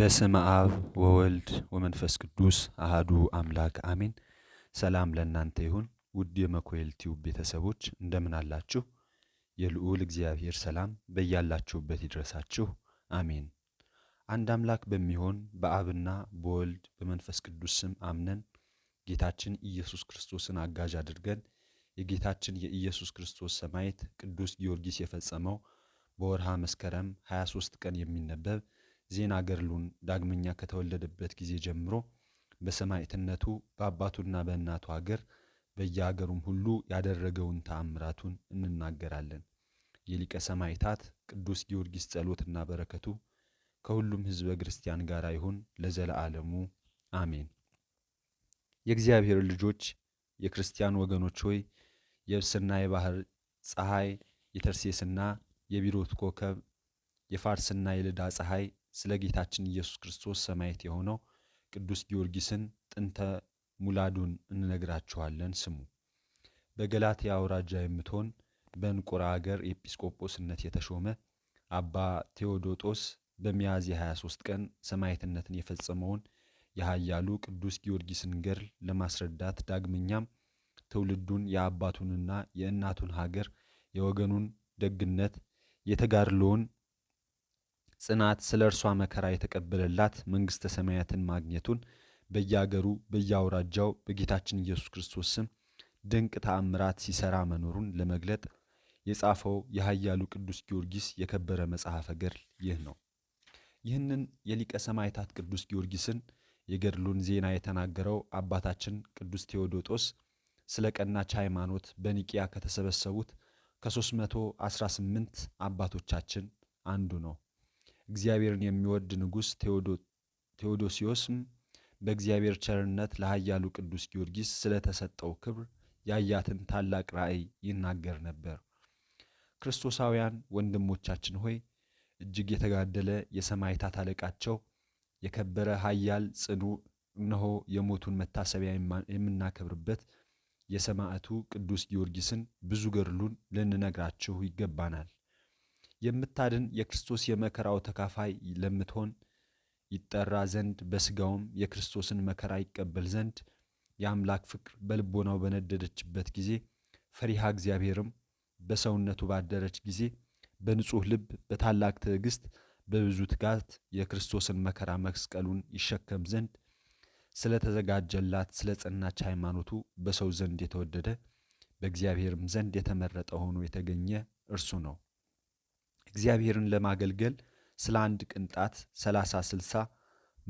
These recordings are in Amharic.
በስመ አብ ወወልድ ወመንፈስ ቅዱስ አህዱ አምላክ አሜን። ሰላም ለእናንተ ይሁን ውድ የመኮኤል ቲዩብ ቤተሰቦች እንደምን አላችሁ? የልዑል እግዚአብሔር ሰላም በያላችሁበት ይድረሳችሁ አሜን። አንድ አምላክ በሚሆን በአብና በወልድ በመንፈስ ቅዱስ ስም አምነን ጌታችን ኢየሱስ ክርስቶስን አጋዥ አድርገን የጌታችን የኢየሱስ ክርስቶስ ሰማዕት ቅዱስ ጊዮርጊስ የፈጸመው በወርሃ መስከረም 23 ቀን የሚነበብ ዜና ገድሉን ዳግመኛ ከተወለደበት ጊዜ ጀምሮ በሰማዕትነቱ በአባቱና በእናቱ አገር በየአገሩም ሁሉ ያደረገውን ተአምራቱን እንናገራለን። የሊቀ ሰማዕታት ቅዱስ ጊዮርጊስ ጸሎትና በረከቱ ከሁሉም ሕዝበ ክርስቲያን ጋር ይሁን ለዘለዓለሙ አሜን። የእግዚአብሔር ልጆች የክርስቲያን ወገኖች ሆይ የብስና የባህር ፀሐይ የተርሴስና የቢሮት ኮከብ የፋርስና የልዳ ፀሐይ ስለ ጌታችን ኢየሱስ ክርስቶስ ሰማዕት የሆነው ቅዱስ ጊዮርጊስን ጥንተ ሙላዱን እንነግራችኋለን። ስሙ። በገላትያ አውራጃ የምትሆን በእንቁራ አገር ኤጲስቆጶስነት የተሾመ አባ ቴዎዶጦስ በሚያዝያ 23 ቀን ሰማዕትነትን የፈጸመውን የኃያሉ ቅዱስ ጊዮርጊስን ገድል ለማስረዳት ዳግመኛም ትውልዱን የአባቱንና የእናቱን ሀገር የወገኑን ደግነት የተጋድሎውን ጽናት ስለ እርሷ መከራ የተቀበለላት መንግሥተ ሰማያትን ማግኘቱን በየአገሩ በየአውራጃው በጌታችን ኢየሱስ ክርስቶስ ስም ድንቅ ተአምራት ሲሠራ መኖሩን ለመግለጥ የጻፈው የኃያሉ ቅዱስ ጊዮርጊስ የከበረ መጽሐፈ ገድል ይህ ነው። ይህንን የሊቀ ሰማዕታት ቅዱስ ጊዮርጊስን የገድሉን ዜና የተናገረው አባታችን ቅዱስ ቴዎዶጦስ ስለ ቀናች ሃይማኖት በኒቅያ ከተሰበሰቡት ከ318 አባቶቻችን አንዱ ነው። እግዚአብሔርን የሚወድ ንጉሥ ቴዎዶሲዮስም በእግዚአብሔር ቸርነት ለኃያሉ ቅዱስ ጊዮርጊስ ስለተሰጠው ክብር ያያትን ታላቅ ራእይ ይናገር ነበር። ክርስቶሳውያን ወንድሞቻችን ሆይ እጅግ የተጋደለ የሰማዕታት አለቃቸው የከበረ ኃያል ጽኑ እነሆ የሞቱን መታሰቢያ የምናከብርበት የሰማዕቱ ቅዱስ ጊዮርጊስን ብዙ ገድሉን ልንነግራችሁ ይገባናል። የምታድን የክርስቶስ የመከራው ተካፋይ ለምትሆን ይጠራ ዘንድ በስጋውም የክርስቶስን መከራ ይቀበል ዘንድ የአምላክ ፍቅር በልቦናው በነደደችበት ጊዜ ፈሪሃ እግዚአብሔርም በሰውነቱ ባደረች ጊዜ በንጹሕ ልብ በታላቅ ትዕግስት በብዙ ትጋት የክርስቶስን መከራ መስቀሉን ይሸከም ዘንድ ስለተዘጋጀላት ስለ ጸናች ሃይማኖቱ በሰው ዘንድ የተወደደ በእግዚአብሔርም ዘንድ የተመረጠ ሆኖ የተገኘ እርሱ ነው። እግዚአብሔርን ለማገልገል ስለ አንድ ቅንጣት ሰላሳ ስልሳ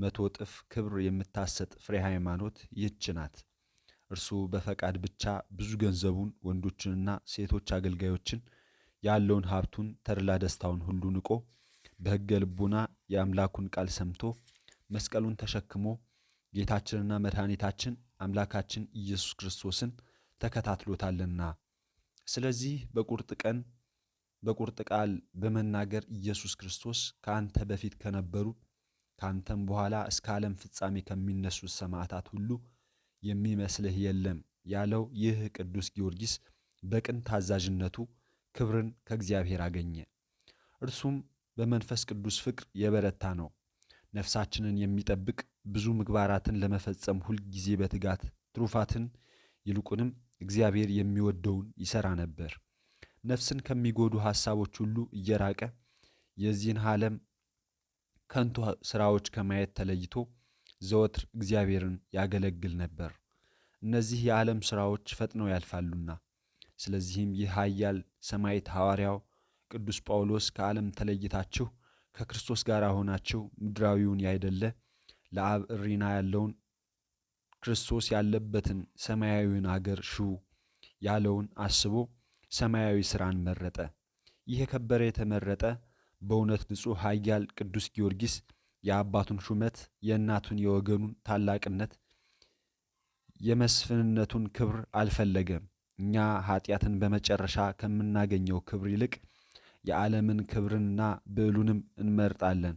መቶ እጥፍ ክብር የምታሰጥ ፍሬ ሃይማኖት ይች ናት። እርሱ በፈቃድ ብቻ ብዙ ገንዘቡን፣ ወንዶችንና ሴቶች አገልጋዮችን፣ ያለውን ሀብቱን፣ ተድላ ደስታውን ሁሉ ንቆ በሕገ ልቡና የአምላኩን ቃል ሰምቶ መስቀሉን ተሸክሞ ጌታችንና መድኃኒታችን አምላካችን ኢየሱስ ክርስቶስን ተከታትሎታልና። ስለዚህ በቁርጥ ቀን በቁርጥ ቃል በመናገር ኢየሱስ ክርስቶስ ከአንተ በፊት ከነበሩ ከአንተም በኋላ እስከ ዓለም ፍጻሜ ከሚነሱት ሰማዕታት ሁሉ የሚመስልህ የለም ያለው ይህ ቅዱስ ጊዮርጊስ በቅን ታዛዥነቱ ክብርን ከእግዚአብሔር አገኘ። እርሱም በመንፈስ ቅዱስ ፍቅር የበረታ ነው። ነፍሳችንን የሚጠብቅ ብዙ ምግባራትን ለመፈጸም ሁልጊዜ በትጋት ትሩፋትን ይልቁንም እግዚአብሔር የሚወደውን ይሠራ ነበር። ነፍስን ከሚጎዱ ሐሳቦች ሁሉ እየራቀ የዚህን ዓለም ከንቱ ሥራዎች ከማየት ተለይቶ ዘወትር እግዚአብሔርን ያገለግል ነበር። እነዚህ የዓለም ሥራዎች ፈጥነው ያልፋሉና፣ ስለዚህም ይህ ኃያል ሰማዕት ሐዋርያው ቅዱስ ጳውሎስ ከዓለም ተለይታችሁ ከክርስቶስ ጋር ሆናችሁ ምድራዊውን ያይደለ ለአብ እሪና ያለውን ክርስቶስ ያለበትን ሰማያዊውን አገር ሹ ያለውን አስቦ ሰማያዊ ሥራን መረጠ። ይህ የከበረ የተመረጠ በእውነት ንጹሕ ኃያል ቅዱስ ጊዮርጊስ የአባቱን ሹመት የእናቱን የወገኑን ታላቅነት የመስፍንነቱን ክብር አልፈለገም። እኛ ኃጢአትን በመጨረሻ ከምናገኘው ክብር ይልቅ የዓለምን ክብርንና ብዕሉንም እንመርጣለን።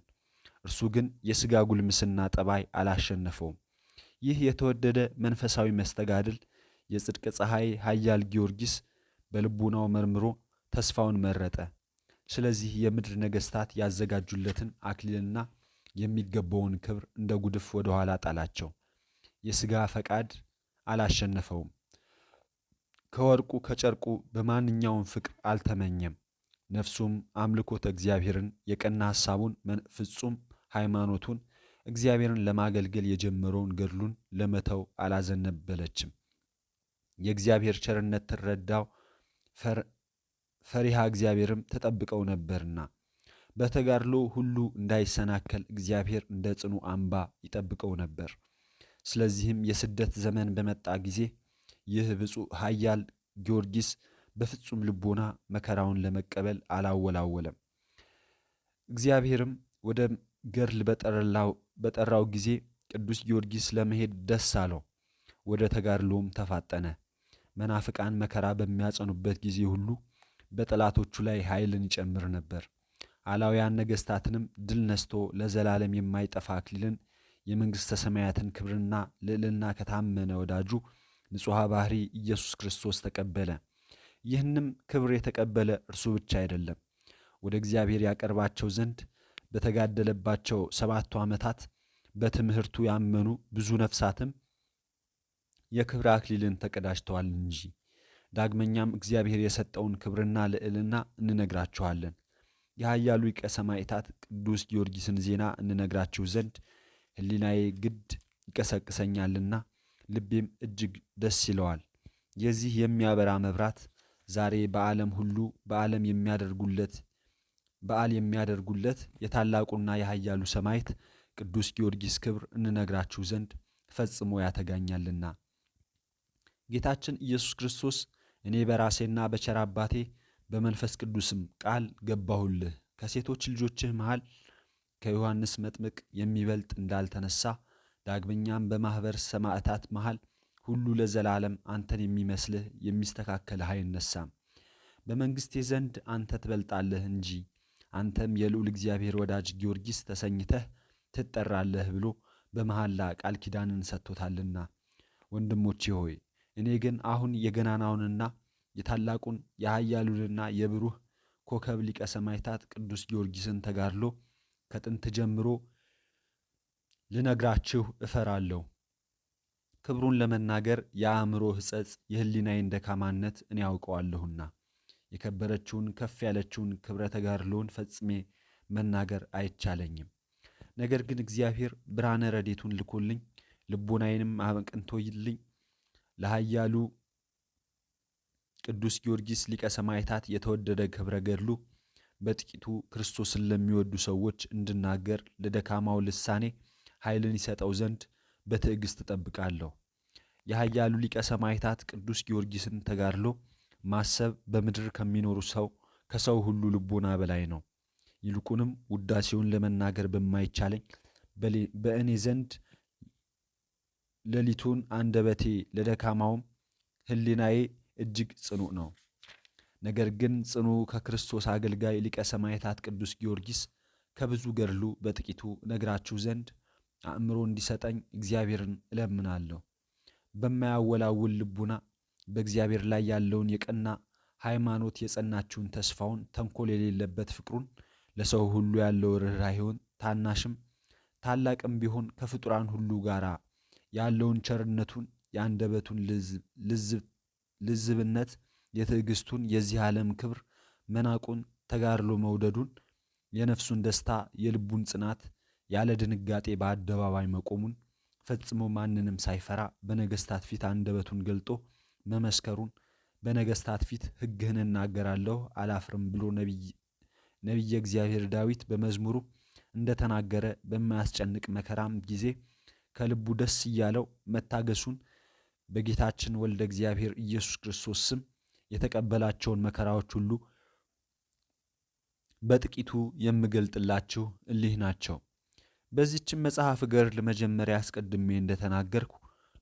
እርሱ ግን የሥጋ ጉልምስና ጠባይ አላሸነፈውም። ይህ የተወደደ መንፈሳዊ መስተጋድል የጽድቅ ፀሐይ ኃያል ጊዮርጊስ በልቡናው መርምሮ ተስፋውን መረጠ። ስለዚህ የምድር ነገሥታት ያዘጋጁለትን አክሊልና የሚገባውን ክብር እንደ ጉድፍ ወደ ኋላ ጣላቸው። የሥጋ ፈቃድ አላሸነፈውም። ከወርቁ ከጨርቁ በማንኛውም ፍቅር አልተመኘም። ነፍሱም አምልኮተ እግዚአብሔርን፣ የቀና ሐሳቡን፣ ፍጹም ሃይማኖቱን፣ እግዚአብሔርን ለማገልገል የጀመረውን ገድሉን ለመተው አላዘነበለችም። የእግዚአብሔር ቸርነት ትረዳው ፈሪሃ እግዚአብሔርም ተጠብቀው ነበርና በተጋድሎ ሁሉ እንዳይሰናከል እግዚአብሔር እንደ ጽኑ አምባ ይጠብቀው ነበር። ስለዚህም የስደት ዘመን በመጣ ጊዜ ይህ ብፁዕ ኃያል ጊዮርጊስ በፍጹም ልቦና መከራውን ለመቀበል አላወላወለም። እግዚአብሔርም ወደ ገድል በጠራው ጊዜ ቅዱስ ጊዮርጊስ ለመሄድ ደስ አለው። ወደ ተጋድሎም ተፋጠነ። መናፍቃን መከራ በሚያጸኑበት ጊዜ ሁሉ በጠላቶቹ ላይ ኃይልን ይጨምር ነበር። አላውያን ነገሥታትንም ድል ነስቶ ለዘላለም የማይጠፋ አክሊልን የመንግሥተ ሰማያትን ክብርና ልዕልና ከታመነ ወዳጁ ንጹሐ ባህሪ ኢየሱስ ክርስቶስ ተቀበለ። ይህንም ክብር የተቀበለ እርሱ ብቻ አይደለም፣ ወደ እግዚአብሔር ያቀርባቸው ዘንድ በተጋደለባቸው ሰባቱ ዓመታት በትምህርቱ ያመኑ ብዙ ነፍሳትም የክብር አክሊልን ተቀዳጅተዋል እንጂ። ዳግመኛም እግዚአብሔር የሰጠውን ክብርና ልዕልና እንነግራችኋለን። የኃያሉ ሊቀ ሰማዕታት ቅዱስ ጊዮርጊስን ዜና እንነግራችሁ ዘንድ ሕሊናዬ ግድ ይቀሰቅሰኛልና ልቤም እጅግ ደስ ይለዋል። የዚህ የሚያበራ መብራት ዛሬ በዓለም ሁሉ በዓለም የሚያደርጉለት በዓል የሚያደርጉለት የታላቁና የኃያሉ ሰማዕት ቅዱስ ጊዮርጊስ ክብር እንነግራችሁ ዘንድ ፈጽሞ ያተጋኛልና ጌታችን ኢየሱስ ክርስቶስ እኔ በራሴና በቸር አባቴ በመንፈስ ቅዱስም ቃል ገባሁልህ ከሴቶች ልጆችህ መሃል ከዮሐንስ መጥምቅ የሚበልጥ እንዳልተነሳ ዳግመኛም በማኅበር ሰማዕታት መሃል ሁሉ ለዘላለም አንተን የሚመስልህ የሚስተካከልህ አይነሳም። በመንግሥቴ ዘንድ አንተ ትበልጣለህ እንጂ አንተም የልዑል እግዚአብሔር ወዳጅ ጊዮርጊስ ተሰኝተህ ትጠራለህ ብሎ በመሐላ ቃል ኪዳንን ሰጥቶታልና። ወንድሞቼ ሆይ እኔ ግን አሁን የገናናውንና የታላቁን የኃያሉንና የብሩህ ኮከብ ሊቀ ሰማይታት ቅዱስ ጊዮርጊስን ተጋድሎ ከጥንት ጀምሮ ልነግራችሁ እፈራለሁ። ክብሩን ለመናገር የአእምሮ ሕጸጽ፣ የህሊናዬን ደካማነት እኔ ያውቀዋለሁና የከበረችውን ከፍ ያለችውን ክብረ ተጋድሎን ፈጽሜ መናገር አይቻለኝም። ነገር ግን እግዚአብሔር ብርሃነ ረዴቱን ልኮልኝ ልቦናዬንም አቅንቶይልኝ ለኃያሉ ቅዱስ ጊዮርጊስ ሊቀ ሰማዕታት የተወደደ ክብረ ገድሉ በጥቂቱ ክርስቶስን ለሚወዱ ሰዎች እንድናገር ለደካማው ልሳኔ ኃይልን ይሰጠው ዘንድ በትዕግሥት እጠብቃለሁ። የኃያሉ ሊቀ ሰማዕታት ቅዱስ ጊዮርጊስን ተጋድሎ ማሰብ በምድር ከሚኖሩ ሰው ከሰው ሁሉ ልቦና በላይ ነው። ይልቁንም ውዳሴውን ለመናገር በማይቻለኝ በእኔ ዘንድ ሌሊቱን አንደበቴ ለደካማውም ህሊናዬ እጅግ ጽኑ ነው። ነገር ግን ጽኑ ከክርስቶስ አገልጋይ ሊቀ ሰማዕታት ቅዱስ ጊዮርጊስ ከብዙ ገድሉ በጥቂቱ ነግራችሁ ዘንድ አእምሮ እንዲሰጠኝ እግዚአብሔርን እለምናለሁ። በማያወላውል ልቡና በእግዚአብሔር ላይ ያለውን የቀና ሃይማኖት፣ የጸናችውን ተስፋውን፣ ተንኮል የሌለበት ፍቅሩን፣ ለሰው ሁሉ ያለው ርኅራኄውን፣ ታናሽም ታላቅም ቢሆን ከፍጡራን ሁሉ ጋር ያለውን ቸርነቱን የአንደበቱን ልዝብነት የትዕግስቱን የዚህ ዓለም ክብር መናቁን ተጋድሎ መውደዱን የነፍሱን ደስታ የልቡን ጽናት ያለ ድንጋጤ በአደባባይ መቆሙን ፈጽሞ ማንንም ሳይፈራ በነገስታት ፊት አንደበቱን ገልጦ መመስከሩን በነገስታት ፊት ሕግህን እናገራለሁ አላፍርም ብሎ ነቢየ እግዚአብሔር ዳዊት በመዝሙሩ እንደተናገረ በማያስጨንቅ መከራም ጊዜ ከልቡ ደስ እያለው መታገሱን በጌታችን ወልደ እግዚአብሔር ኢየሱስ ክርስቶስ ስም የተቀበላቸውን መከራዎች ሁሉ በጥቂቱ የምገልጥላችሁ እሊህ ናቸው። በዚችም መጽሐፍ ገድል መጀመሪያ አስቀድሜ እንደተናገርኩ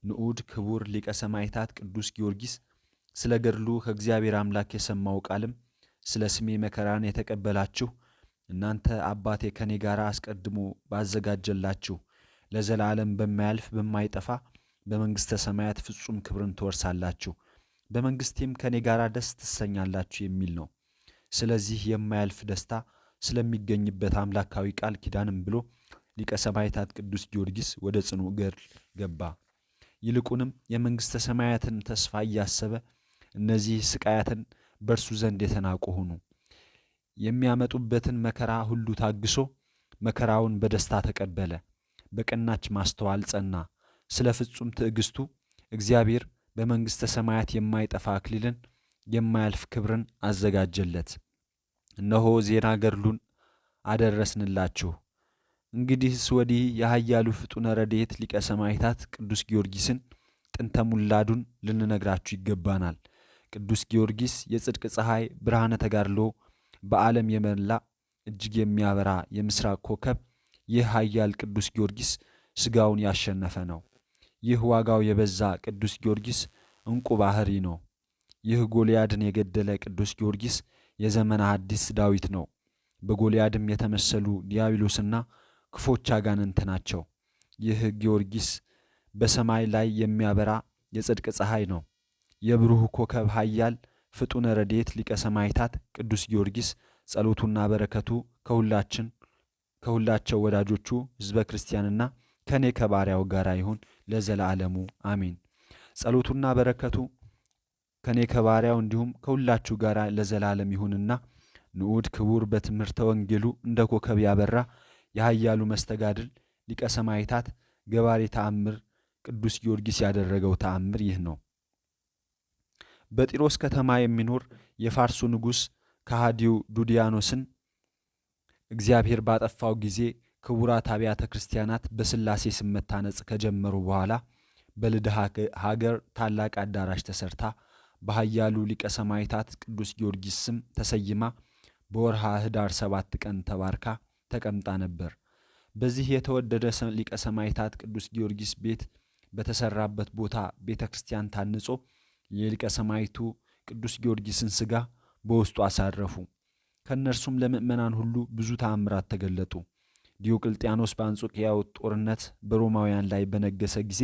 ንዑድ ክቡር ሊቀ ሰማዕታት ቅዱስ ጊዮርጊስ ስለ ገድሉ ከእግዚአብሔር አምላክ የሰማው ቃልም ስለ ስሜ መከራን የተቀበላችሁ እናንተ አባቴ ከኔ ጋር አስቀድሞ ባዘጋጀላችሁ ለዘላለም በማያልፍ በማይጠፋ በመንግሥተ ሰማያት ፍጹም ክብርን ትወርሳላችሁ፣ በመንግሥቴም ከእኔ ጋር ደስ ትሰኛላችሁ የሚል ነው። ስለዚህ የማያልፍ ደስታ ስለሚገኝበት አምላካዊ ቃል ኪዳንም ብሎ ሊቀ ሰማዕታት ቅዱስ ጊዮርጊስ ወደ ጽኑ እግር ገባ። ይልቁንም የመንግሥተ ሰማያትን ተስፋ እያሰበ እነዚህ ስቃያትን በእርሱ ዘንድ የተናቁ ሆኑ። የሚያመጡበትን መከራ ሁሉ ታግሶ መከራውን በደስታ ተቀበለ። በቀናች ማስተዋል ጸና። ስለ ፍጹም ትዕግስቱ እግዚአብሔር በመንግሥተ ሰማያት የማይጠፋ አክሊልን የማያልፍ ክብርን አዘጋጀለት። እነሆ ዜና ገድሉን አደረስንላችሁ። እንግዲህስ ወዲህ የኃያሉ ፍጡነ ረድኤት ሊቀ ሰማዕታት ቅዱስ ጊዮርጊስን ጥንተ ሙላዱን ልንነግራችሁ ይገባናል። ቅዱስ ጊዮርጊስ የጽድቅ ፀሐይ ብርሃነ ተጋድሎ በዓለም የመላ እጅግ የሚያበራ የምስራቅ ኮከብ ይህ ኃያል ቅዱስ ጊዮርጊስ ሥጋውን ያሸነፈ ነው። ይህ ዋጋው የበዛ ቅዱስ ጊዮርጊስ ዕንቁ ባሕሪ ነው። ይህ ጎልያድን የገደለ ቅዱስ ጊዮርጊስ የዘመነ አዲስ ዳዊት ነው። በጎልያድም የተመሰሉ ዲያብሎስና ክፎች አጋንንት ናቸው። ይህ ጊዮርጊስ በሰማይ ላይ የሚያበራ የጽድቅ ፀሐይ ነው። የብሩህ ኮከብ ኃያል ፍጡነ ረድኤት ሊቀ ሰማዕታት ቅዱስ ጊዮርጊስ ጸሎቱና በረከቱ ከሁላችን ከሁላቸው ወዳጆቹ ሕዝበ ክርስቲያንና ከእኔ ከባሪያው ጋር ይሁን ለዘላለሙ አሜን። ጸሎቱና በረከቱ ከእኔ ከባሪያው እንዲሁም ከሁላችሁ ጋር ለዘላለም ይሁንና ንዑድ ክቡር በትምህርተ ወንጌሉ እንደ ኮከብ ያበራ የኃያሉ መስተጋድል ሊቀ ሰማዕታት ገባሬ ተአምር ቅዱስ ጊዮርጊስ ያደረገው ተአምር ይህ ነው። በጢሮስ ከተማ የሚኖር የፋርሱ ንጉሥ ከሃዲው ዱዲያኖስን እግዚአብሔር ባጠፋው ጊዜ ክቡራት አብያተ ክርስቲያናት በስላሴ ስም መታነጽ ከጀመሩ በኋላ በልድ ሀገር ታላቅ አዳራሽ ተሰርታ በኃያሉ ሊቀ ሰማዕታት ቅዱስ ጊዮርጊስ ስም ተሰይማ በወርሃ ህዳር ሰባት ቀን ተባርካ ተቀምጣ ነበር። በዚህ የተወደደ ሊቀ ሰማዕታት ቅዱስ ጊዮርጊስ ቤት በተሰራበት ቦታ ቤተ ክርስቲያን ታንጾ የሊቀ ሰማዕቱ ቅዱስ ጊዮርጊስን ስጋ በውስጡ አሳረፉ። ከእነርሱም ለምእመናን ሁሉ ብዙ ተአምራት ተገለጡ። ዲዮቅልጥያኖስ በአንጾኪያው ጦርነት በሮማውያን ላይ በነገሰ ጊዜ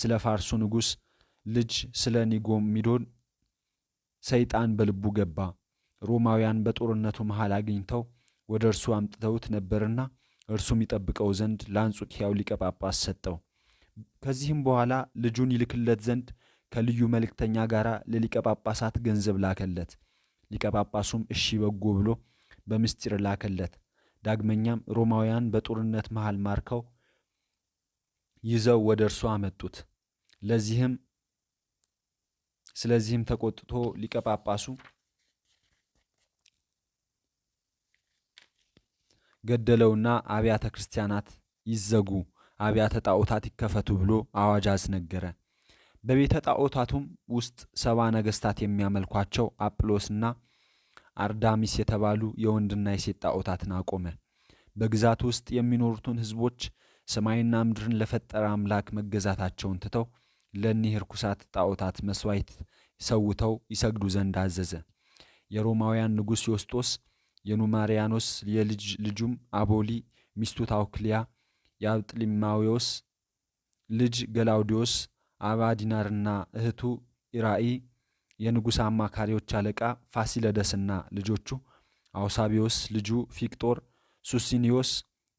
ስለ ፋርሱ ንጉሥ ልጅ ስለ ኒጎሚዶን ሰይጣን በልቡ ገባ። ሮማውያን በጦርነቱ መሃል አግኝተው ወደ እርሱ አምጥተውት ነበርና እርሱም ይጠብቀው ዘንድ ለአንጾኪያው ሊቀ ጳጳስ ሰጠው። ከዚህም በኋላ ልጁን ይልክለት ዘንድ ከልዩ መልእክተኛ ጋር ለሊቀ ጳጳሳት ገንዘብ ላከለት። ሊቀጳጳሱም እሺ በጎ ብሎ በምስጢር ላከለት። ዳግመኛም ሮማውያን በጦርነት መሃል ማርከው ይዘው ወደ እርሱ አመጡት። ለዚህም ስለዚህም ተቆጥቶ ሊቀጳጳሱ ገደለውና አብያተ ክርስቲያናት ይዘጉ፣ አብያተ ጣዖታት ይከፈቱ ብሎ አዋጅ አስነገረ። በቤተ ጣዖታቱም ውስጥ ሰባ ነገስታት የሚያመልኳቸው አጵሎስና አርዳሚስ የተባሉ የወንድና የሴት ጣዖታትን አቆመ። በግዛት ውስጥ የሚኖሩትን ህዝቦች ሰማይና ምድርን ለፈጠረ አምላክ መገዛታቸውን ትተው ለእኒህ ርኩሳት ጣዖታት መሥዋዕት ሰውተው ይሰግዱ ዘንድ አዘዘ። የሮማውያን ንጉሥ ዮስጦስ የኑማሪያኖስ የልጅ ልጁም አቦሊ ሚስቱ ታውክሊያ ልጅ ገላውዲዮስ አባዲናርና እህቱ ኢራኢ፣ የንጉሥ አማካሪዎች አለቃ ፋሲለደስና ልጆቹ አውሳቢዮስ፣ ልጁ ፊቅጦር፣ ሱሲኒዮስ፣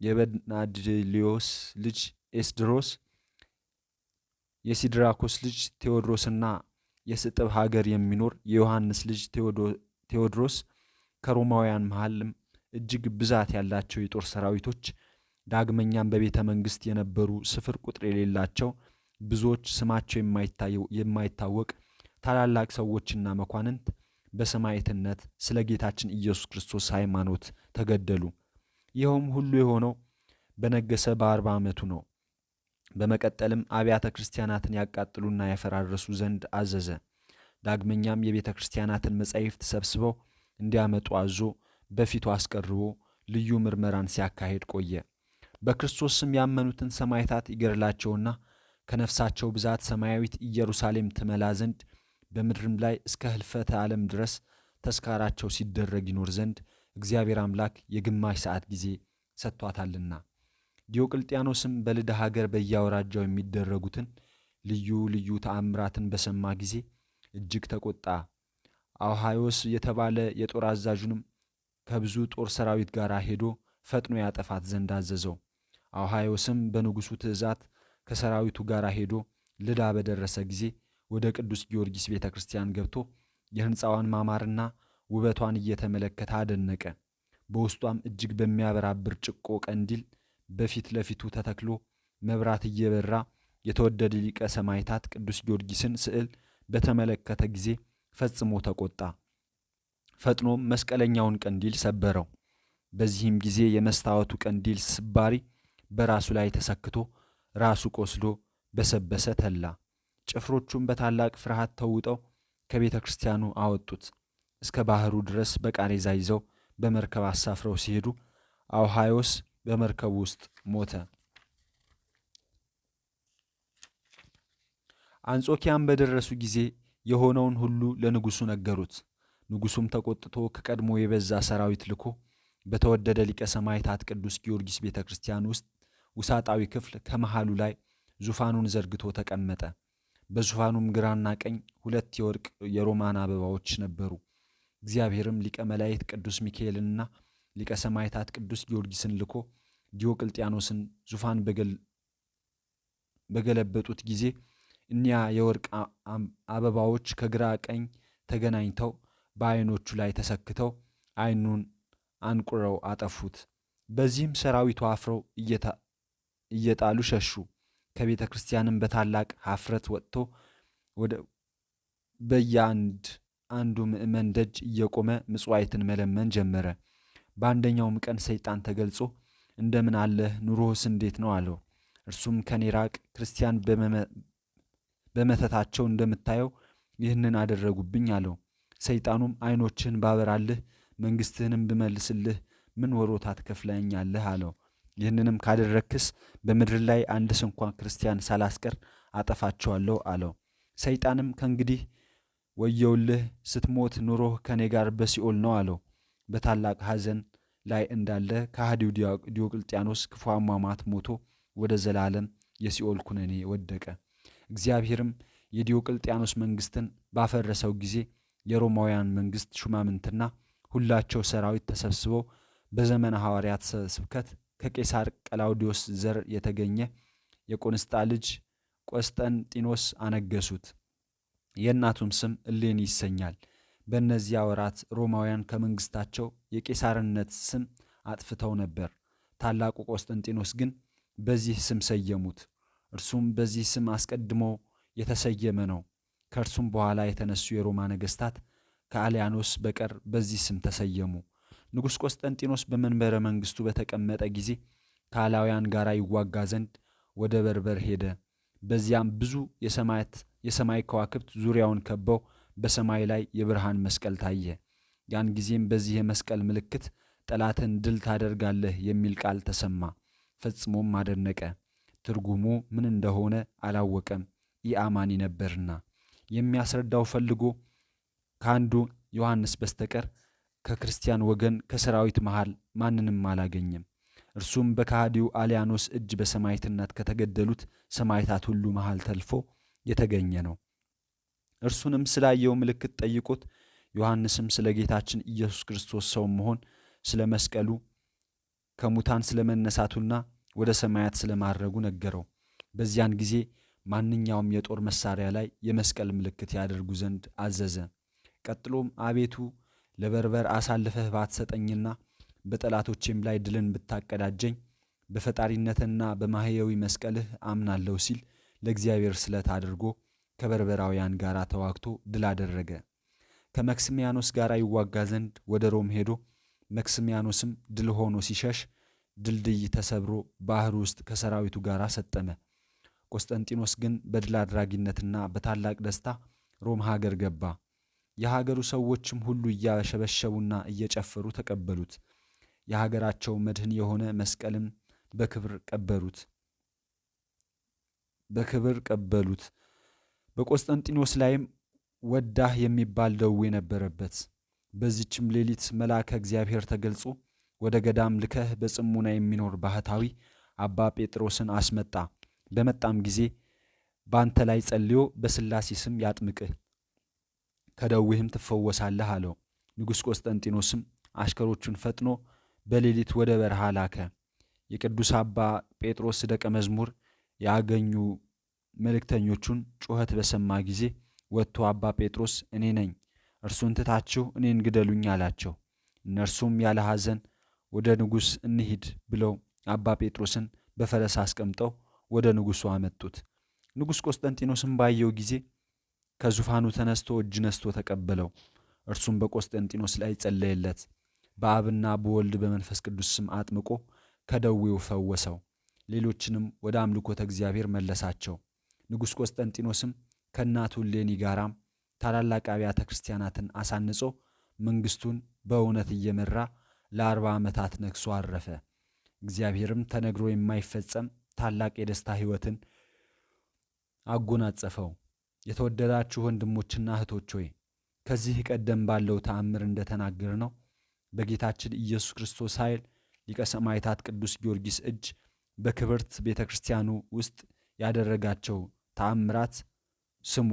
የበናድሊዮስ ልጅ ኤስድሮስ፣ የሲድራኮስ ልጅ ቴዎድሮስና የስጥብ ሀገር የሚኖር የዮሐንስ ልጅ ቴዎድሮስ ከሮማውያን መሃልም እጅግ ብዛት ያላቸው የጦር ሰራዊቶች ዳግመኛም በቤተ መንግሥት የነበሩ ስፍር ቁጥር የሌላቸው ብዙዎች ስማቸው የማይታወቅ ታላላቅ ሰዎችና መኳንንት በሰማዕትነት ስለ ጌታችን ኢየሱስ ክርስቶስ ሃይማኖት ተገደሉ። ይኸውም ሁሉ የሆነው በነገሰ በአርባ ዓመቱ ነው። በመቀጠልም አብያተ ክርስቲያናትን ያቃጥሉና ያፈራረሱ ዘንድ አዘዘ። ዳግመኛም የቤተ ክርስቲያናትን መጻሕፍት ሰብስበው እንዲያመጡ አዞ በፊቱ አስቀርቦ ልዩ ምርመራን ሲያካሄድ ቆየ። በክርስቶስ ስም ያመኑትን ሰማዕታት ይገድላቸውና ከነፍሳቸው ብዛት ሰማያዊት ኢየሩሳሌም ትመላ ዘንድ በምድርም ላይ እስከ ህልፈተ ዓለም ድረስ ተስካራቸው ሲደረግ ይኖር ዘንድ እግዚአብሔር አምላክ የግማሽ ሰዓት ጊዜ ሰጥቷታልና። ዲዮቅልጥያኖስም በልደ ሀገር በያወራጃው የሚደረጉትን ልዩ ልዩ ተአምራትን በሰማ ጊዜ እጅግ ተቆጣ። አውሃዮስ የተባለ የጦር አዛዡንም ከብዙ ጦር ሰራዊት ጋር ሄዶ ፈጥኖ ያጠፋት ዘንድ አዘዘው። አውሃዮስም በንጉሡ ትእዛት ከሰራዊቱ ጋር ሄዶ ልዳ በደረሰ ጊዜ ወደ ቅዱስ ጊዮርጊስ ቤተ ክርስቲያን ገብቶ የሕንፃዋን ማማርና ውበቷን እየተመለከተ አደነቀ። በውስጧም እጅግ በሚያበራ ብርጭቆ ቀንዲል በፊት ለፊቱ ተተክሎ መብራት እየበራ የተወደደ ሊቀ ሰማዕታት ቅዱስ ጊዮርጊስን ስዕል በተመለከተ ጊዜ ፈጽሞ ተቆጣ። ፈጥኖም መስቀለኛውን ቀንዲል ሰበረው። በዚህም ጊዜ የመስታወቱ ቀንዲል ስባሪ በራሱ ላይ ተሰክቶ ራሱ ቆስሎ በሰበሰ ተላ። ጭፍሮቹም በታላቅ ፍርሃት ተውጠው ከቤተ ክርስቲያኑ አወጡት። እስከ ባህሩ ድረስ በቃሬዛ ይዘው በመርከብ አሳፍረው ሲሄዱ አውሃዮስ በመርከቡ ውስጥ ሞተ። አንጾኪያም በደረሱ ጊዜ የሆነውን ሁሉ ለንጉሡ ነገሩት። ንጉሡም ተቆጥቶ ከቀድሞ የበዛ ሰራዊት ልኮ በተወደደ ሊቀ ሰማዕታት ቅዱስ ጊዮርጊስ ቤተ ክርስቲያን ውስጥ ውሳጣዊ ክፍል ከመሃሉ ላይ ዙፋኑን ዘርግቶ ተቀመጠ። በዙፋኑም ግራና ቀኝ ሁለት የወርቅ የሮማን አበባዎች ነበሩ። እግዚአብሔርም ሊቀ መላእክት ቅዱስ ሚካኤልንና ሊቀ ሰማዕታት ቅዱስ ጊዮርጊስን ልኮ ዲዮቅልጥያኖስን ዙፋን በገለበጡት ጊዜ እኒያ የወርቅ አበባዎች ከግራ ቀኝ ተገናኝተው በዓይኖቹ ላይ ተሰክተው ዓይኑን አንቁረው አጠፉት። በዚህም ሰራዊቱ አፍረው እየጣሉ ሸሹ። ከቤተ ክርስቲያንም በታላቅ ሀፍረት ወጥቶ ወደ በየአንድ አንዱ ምእመን ደጅ እየቆመ ምጽዋይትን መለመን ጀመረ። በአንደኛውም ቀን ሰይጣን ተገልጾ እንደምን አለህ? ኑሮህስ እንዴት ነው? አለው። እርሱም ከኔ ራቅ፣ ክርስቲያን በመተታቸው እንደምታየው ይህንን አደረጉብኝ አለው። ሰይጣኑም አይኖችህን ባበራልህ፣ መንግስትህንም ብመልስልህ ምን ወሮታ ትከፍለኛለህ? አለው። ይህንንም ካደረክስ በምድር ላይ አንድ ስንኳ ክርስቲያን ሳላስቀር አጠፋቸዋለሁ አለው። ሰይጣንም ከእንግዲህ ወየውልህ፣ ስትሞት ኑሮህ ከእኔ ጋር በሲኦል ነው አለው። በታላቅ ሐዘን ላይ እንዳለ ከሃዲው ዲዮቅልጥያኖስ ክፉ አሟሟት ሞቶ ወደ ዘላለም የሲኦል ኩነኔ ወደቀ። እግዚአብሔርም የዲዮቅልጥያኖስ መንግስትን ባፈረሰው ጊዜ የሮማውያን መንግስት ሹማምንትና ሁላቸው ሰራዊት ተሰብስበው በዘመነ ሐዋርያት ስብከት ከቄሳር ቀላውዲዮስ ዘር የተገኘ የቆንስጣ ልጅ ቆስጠንጢኖስ አነገሱት። የእናቱም ስም እሌኒ ይሰኛል። በእነዚያ ወራት ሮማውያን ከመንግስታቸው የቄሳርነት ስም አጥፍተው ነበር። ታላቁ ቆስጠንጢኖስ ግን በዚህ ስም ሰየሙት። እርሱም በዚህ ስም አስቀድሞ የተሰየመ ነው። ከእርሱም በኋላ የተነሱ የሮማ ነገስታት ከአልያኖስ በቀር በዚህ ስም ተሰየሙ። ንጉሥ ቆስጠንጢኖስ በመንበረ መንግስቱ በተቀመጠ ጊዜ ካላውያን ጋር ይዋጋ ዘንድ ወደ በርበር ሄደ። በዚያም ብዙ የሰማይ ከዋክብት ዙሪያውን ከበው በሰማይ ላይ የብርሃን መስቀል ታየ። ያን ጊዜም በዚህ የመስቀል ምልክት ጠላትን ድል ታደርጋለህ የሚል ቃል ተሰማ። ፈጽሞም አደነቀ። ትርጉሙ ምን እንደሆነ አላወቀም፣ ኢአማኒ ነበርና የሚያስረዳው ፈልጎ ከአንዱ ዮሐንስ በስተቀር ከክርስቲያን ወገን ከሰራዊት መሃል ማንንም አላገኘም። እርሱም በካሃዲው አሊያኖስ እጅ በሰማዕትነት ከተገደሉት ሰማዕታት ሁሉ መሃል ተልፎ የተገኘ ነው። እርሱንም ስላየው ምልክት ጠይቁት። ዮሐንስም ስለ ጌታችን ኢየሱስ ክርስቶስ ሰው መሆን ስለ መስቀሉ ከሙታን ስለ መነሳቱና ወደ ሰማያት ስለ ማድረጉ ነገረው። በዚያን ጊዜ ማንኛውም የጦር መሳሪያ ላይ የመስቀል ምልክት ያደርጉ ዘንድ አዘዘ። ቀጥሎም አቤቱ ለበርበር አሳልፈህ ባትሰጠኝና በጠላቶቼም ላይ ድልን ብታቀዳጀኝ በፈጣሪነትና በማህያዊ መስቀልህ አምናለሁ ሲል ለእግዚአብሔር ስለት አድርጎ ከበርበራውያን ጋር ተዋግቶ ድል አደረገ። ከመክስሚያኖስ ጋር ይዋጋ ዘንድ ወደ ሮም ሄዶ መክስሚያኖስም ድል ሆኖ ሲሸሽ ድልድይ ተሰብሮ ባህር ውስጥ ከሰራዊቱ ጋር ሰጠመ። ቆስጠንጢኖስ ግን በድል አድራጊነትና በታላቅ ደስታ ሮም ሀገር ገባ። የሀገሩ ሰዎችም ሁሉ እያሸበሸቡና እየጨፈሩ ተቀበሉት። የሀገራቸው መድህን የሆነ መስቀልም በክብር ቀበሉት በክብር ቀበሉት። በቆስጠንጢኖስ ላይም ወዳህ የሚባል ደዌ ነበረበት። በዚችም ሌሊት መልአከ እግዚአብሔር ተገልጾ ወደ ገዳም ልከህ በጽሙና የሚኖር ባህታዊ አባ ጴጥሮስን አስመጣ። በመጣም ጊዜ በአንተ ላይ ጸልዮ በስላሴ ስም ያጥምቅህ ከደዌህም ትፈወሳለህ አለው። ንጉሥ ቆስጠንጢኖስም አሽከሮቹን ፈጥኖ በሌሊት ወደ በረሃ ላከ። የቅዱስ አባ ጴጥሮስ ደቀ መዝሙር ያገኙ መልእክተኞቹን ጩኸት በሰማ ጊዜ ወጥቶ አባ ጴጥሮስ እኔ ነኝ፣ እርሱን ትታችሁ እኔን ግደሉኝ አላቸው። እነርሱም ያለ ሐዘን ወደ ንጉሥ እንሂድ ብለው አባ ጴጥሮስን በፈረስ አስቀምጠው ወደ ንጉሡ አመጡት። ንጉሥ ቆስጠንጢኖስም ባየው ጊዜ ከዙፋኑ ተነስቶ እጅ ነስቶ ተቀበለው። እርሱም በቆስጠንጢኖስ ላይ ጸለየለት። በአብና በወልድ በመንፈስ ቅዱስ ስም አጥምቆ ከደዌው ፈወሰው። ሌሎችንም ወደ አምልኮተ እግዚአብሔር መለሳቸው። ንጉሥ ቆስጠንጢኖስም ከእናቱ ሌኒ ጋራም ታላላቅ አብያተ ክርስቲያናትን አሳንጾ መንግሥቱን በእውነት እየመራ ለአርባ ዓመታት ነግሶ አረፈ። እግዚአብሔርም ተነግሮ የማይፈጸም ታላቅ የደስታ ሕይወትን አጎናጸፈው። የተወደዳችሁ ወንድሞችና እህቶች ሆይ ከዚህ ቀደም ባለው ተአምር እንደተናገር ነው በጌታችን ኢየሱስ ክርስቶስ ኃይል ሊቀ ሰማዕታት ቅዱስ ጊዮርጊስ እጅ በክብርት ቤተ ክርስቲያኑ ውስጥ ያደረጋቸው ተአምራት ስሙ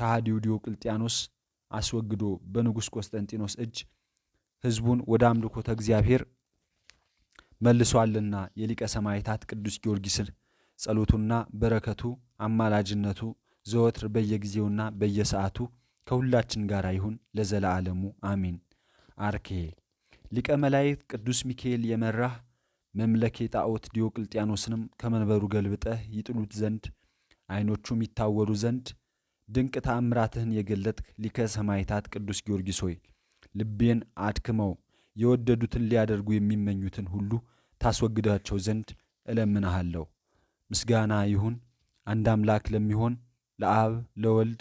ከሃዲው ዲዮቅልጥያኖስ አስወግዶ በንጉሥ ቆስጠንጢኖስ እጅ ሕዝቡን ወደ አምልኮተ እግዚአብሔር መልሷልና የሊቀ ሰማዕታት ቅዱስ ጊዮርጊስን ጸሎቱና በረከቱ አማላጅነቱ ዘወትር በየጊዜውና በየሰዓቱ ከሁላችን ጋር ይሁን ለዘላለሙ አሚን። አርኬ ሊቀ መላእክት ቅዱስ ሚካኤል የመራህ መምለኬ ጣዖት ዲዮቅልጥያኖስንም ከመንበሩ ገልብጠህ ይጥሉት ዘንድ ዓይኖቹም ይታወሩ ዘንድ ድንቅ ተአምራትህን የገለጥክ ሊቀ ሰማዕታት ቅዱስ ጊዮርጊስ ሆይ ልቤን አድክመው የወደዱትን ሊያደርጉ የሚመኙትን ሁሉ ታስወግዳቸው ዘንድ እለምንሃለሁ። ምስጋና ይሁን አንድ አምላክ ለሚሆን ለአብ ለወልድ